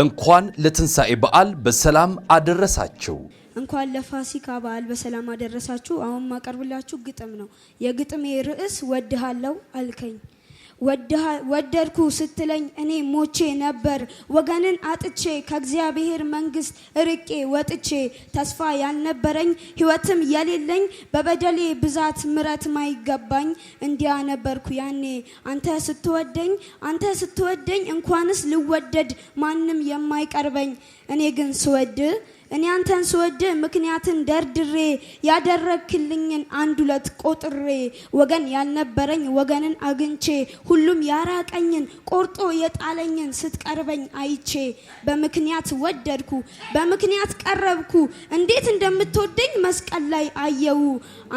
እንኳን ለትንሣኤ በዓል በሰላም አደረሳችሁ። እንኳን ለፋሲካ በዓል በሰላም አደረሳችሁ። አሁን ማቀርብላችሁ ግጥም ነው። የግጥሜ ርዕስ ወድሃለው አልከኝ ወደድኩ ስትለኝ እኔ ሞቼ ነበር። ወገንን አጥቼ ከእግዚአብሔር መንግስት ርቄ ወጥቼ ተስፋ ያልነበረኝ ህይወትም የሌለኝ በበደሌ ብዛት ምረት ማይገባኝ እንዲያ ነበርኩ ያኔ። አንተ ስትወደኝ አንተ ስትወደኝ እንኳንስ ልወደድ ማንም የማይቀርበኝ እኔ ግን ስወድ እኔ አንተን ስወድህ ምክንያትን ደርድሬ ያደረክልኝን አንድ ሁለት ቆጥሬ ወገን ያልነበረኝ ወገንን አግኝቼ ሁሉም ያራቀኝን ቆርጦ የጣለኝን ስትቀርበኝ አይቼ በምክንያት ወደድኩ፣ በምክንያት ቀረብኩ። እንዴት እንደምትወደኝ መስቀል ላይ አየው።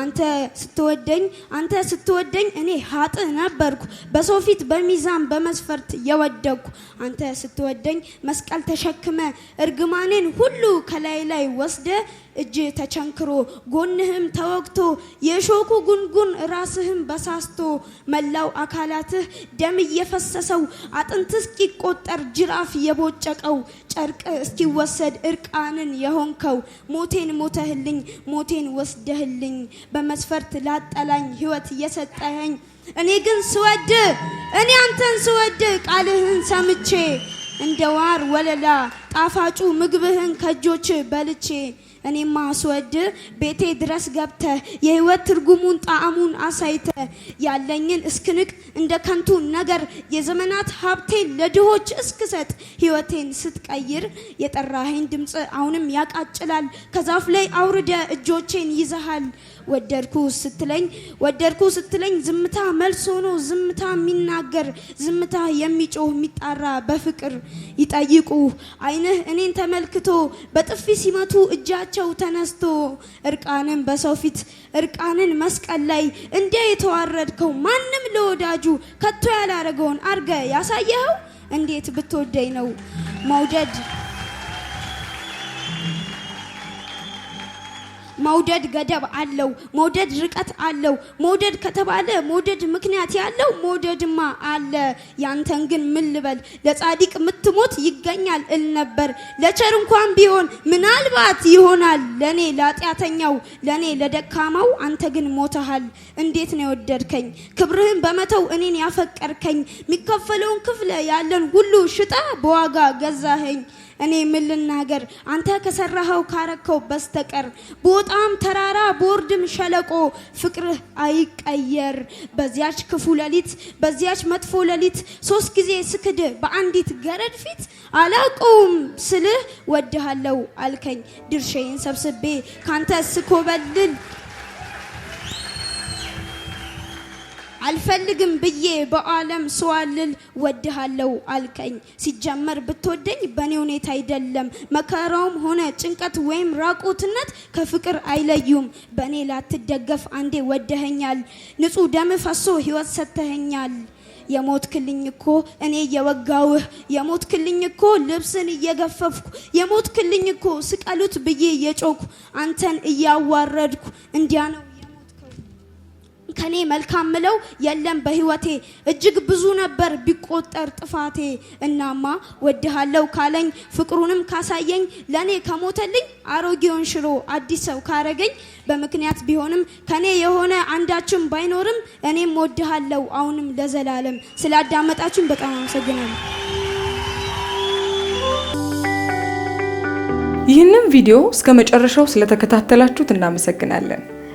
አንተ ስትወደኝ አንተ ስትወደኝ እኔ ሀጥ ነበርኩ፣ በሰው ፊት በሚዛን በመስፈርት የወደኩ አንተ ስትወደኝ መስቀል ተሸክመ እርግማኔን ሁሉ ከ ከላይ ላይ ወስደ እጅ ተቸንክሮ ጎንህም ተወግቶ የሾኩ ጉንጉን ራስህም በሳስቶ መላው አካላትህ ደም እየፈሰሰው አጥንት እስኪቆጠር ጅራፍ የቦጨቀው ጨርቅ እስኪወሰድ እርቃንን የሆንከው ሞቴን ሞተህልኝ ሞቴን ወስደህልኝ በመስፈርት ላጠላኝ ሕይወት እየሰጠኸኝ እኔ ግን ስወድ እኔ አንተን ስወድ ቃልህን ሰምቼ እንደ ዋር ወለላ ጣፋጩ ምግብህን ከእጆች በልቼ እኔማ ስወድ ቤቴ ድረስ ገብተ የህይወት ትርጉሙን ጣዕሙን አሳይተ ያለኝን እስክንቅ እንደ ከንቱ ነገር የዘመናት ሀብቴን ለድሆች እስክሰጥ ህይወቴን ስትቀይር የጠራኸኝ ድምፅ አሁንም ያቃጭላል። ከዛፍ ላይ አውርደ እጆቼን ይዘሃል ወደድኩ ስትለኝ ወደድኩ ስትለኝ ዝምታ መልስ ሆኖ ዝምታ የሚናገር ዝምታ የሚጮህ የሚጣራ በፍቅር ይጠይቁ አይነህ እኔን ተመልክቶ በጥፊ ሲመቱ እጃቸው ተነስቶ እርቃንን በሰው ፊት እርቃንን መስቀል ላይ እንደ የተዋረድከው ማንም ለወዳጁ ከቶ ያላረገውን አርገ ያሳየኸው እንዴት ብትወደኝ ነው መውደድ መውደድ ገደብ አለው። መውደድ ርቀት አለው። መውደድ ከተባለ መውደድ ምክንያት ያለው መውደድማ አለ። ያንተን ግን ምን ልበል? ለጻድቅ ምትሞት ይገኛል እል ነበር። ለቸር እንኳን ቢሆን ምናልባት ይሆናል ለኔ ለኃጢአተኛው፣ ለኔ ለደካማው አንተ ግን ሞተሃል። እንዴት ነው የወደድከኝ? ክብርህን በመተው እኔን ያፈቀርከኝ። የሚከፈለውን ክፍለ ያለን ሁሉ ሽጣ በዋጋ ገዛኸኝ። እኔ ምን ልናገር? አንተ ከሰራኸው ካረከው በስተቀር ቦጣም ተራራ ቦርድም ሸለቆ ፍቅርህ አይቀየር። በዚያች ክፉ ሌሊት በዚያች መጥፎ ሌሊት ሶስት ጊዜ ስክድ በአንዲት ገረድ ፊት አላውቀውም ስልህ ወድሃለው አልከኝ ድርሼን ሰብስቤ ካንተ ስኮበልል አልፈልግም ብዬ በዓለም ስዋልል ወድሃለው አልከኝ። ሲጀመር ብትወደኝ በእኔ ሁኔታ አይደለም። መከራውም ሆነ ጭንቀት ወይም ራቁትነት ከፍቅር አይለዩም። በእኔ ላትደገፍ አንዴ ወደኸኛል። ንጹህ ደም ፈሶ ህይወት ሰጥተኸኛል። የሞት ክልኝ እኮ እኔ እየወጋውህ የሞት ክልኝ እኮ ልብስን እየገፈፍኩ የሞት ክልኝ እኮ ስቀሉት ብዬ እየጮኩ አንተን እያዋረድኩ እንዲያ ነው ከኔ መልካም ምለው የለም በህይወቴ እጅግ ብዙ ነበር ቢቆጠር ጥፋቴ። እናማ ወድሃለው ካለኝ ፍቅሩንም ካሳየኝ ለኔ ከሞተልኝ አሮጌውን ሽሮ አዲስ ሰው ካረገኝ በምክንያት ቢሆንም ከኔ የሆነ አንዳችም ባይኖርም እኔም ወድሃለው አሁንም ለዘላለም። ስላዳመጣችሁን በጣም አመሰግናለሁ። ይህንን ቪዲዮ እስከ መጨረሻው ስለተከታተላችሁት እናመሰግናለን።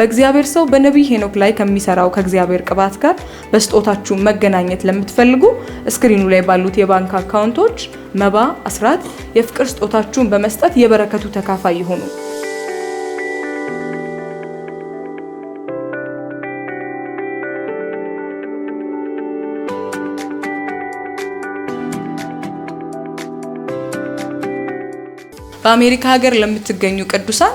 በእግዚአብሔር ሰው በነቢይ ሄኖክ ላይ ከሚሰራው ከእግዚአብሔር ቅባት ጋር በስጦታችሁ መገናኘት ለምትፈልጉ እስክሪኑ ላይ ባሉት የባንክ አካውንቶች መባ፣ አስራት፣ የፍቅር ስጦታችሁን በመስጠት የበረከቱ ተካፋይ ይሆኑ በአሜሪካ ሀገር ለምትገኙ ቅዱሳን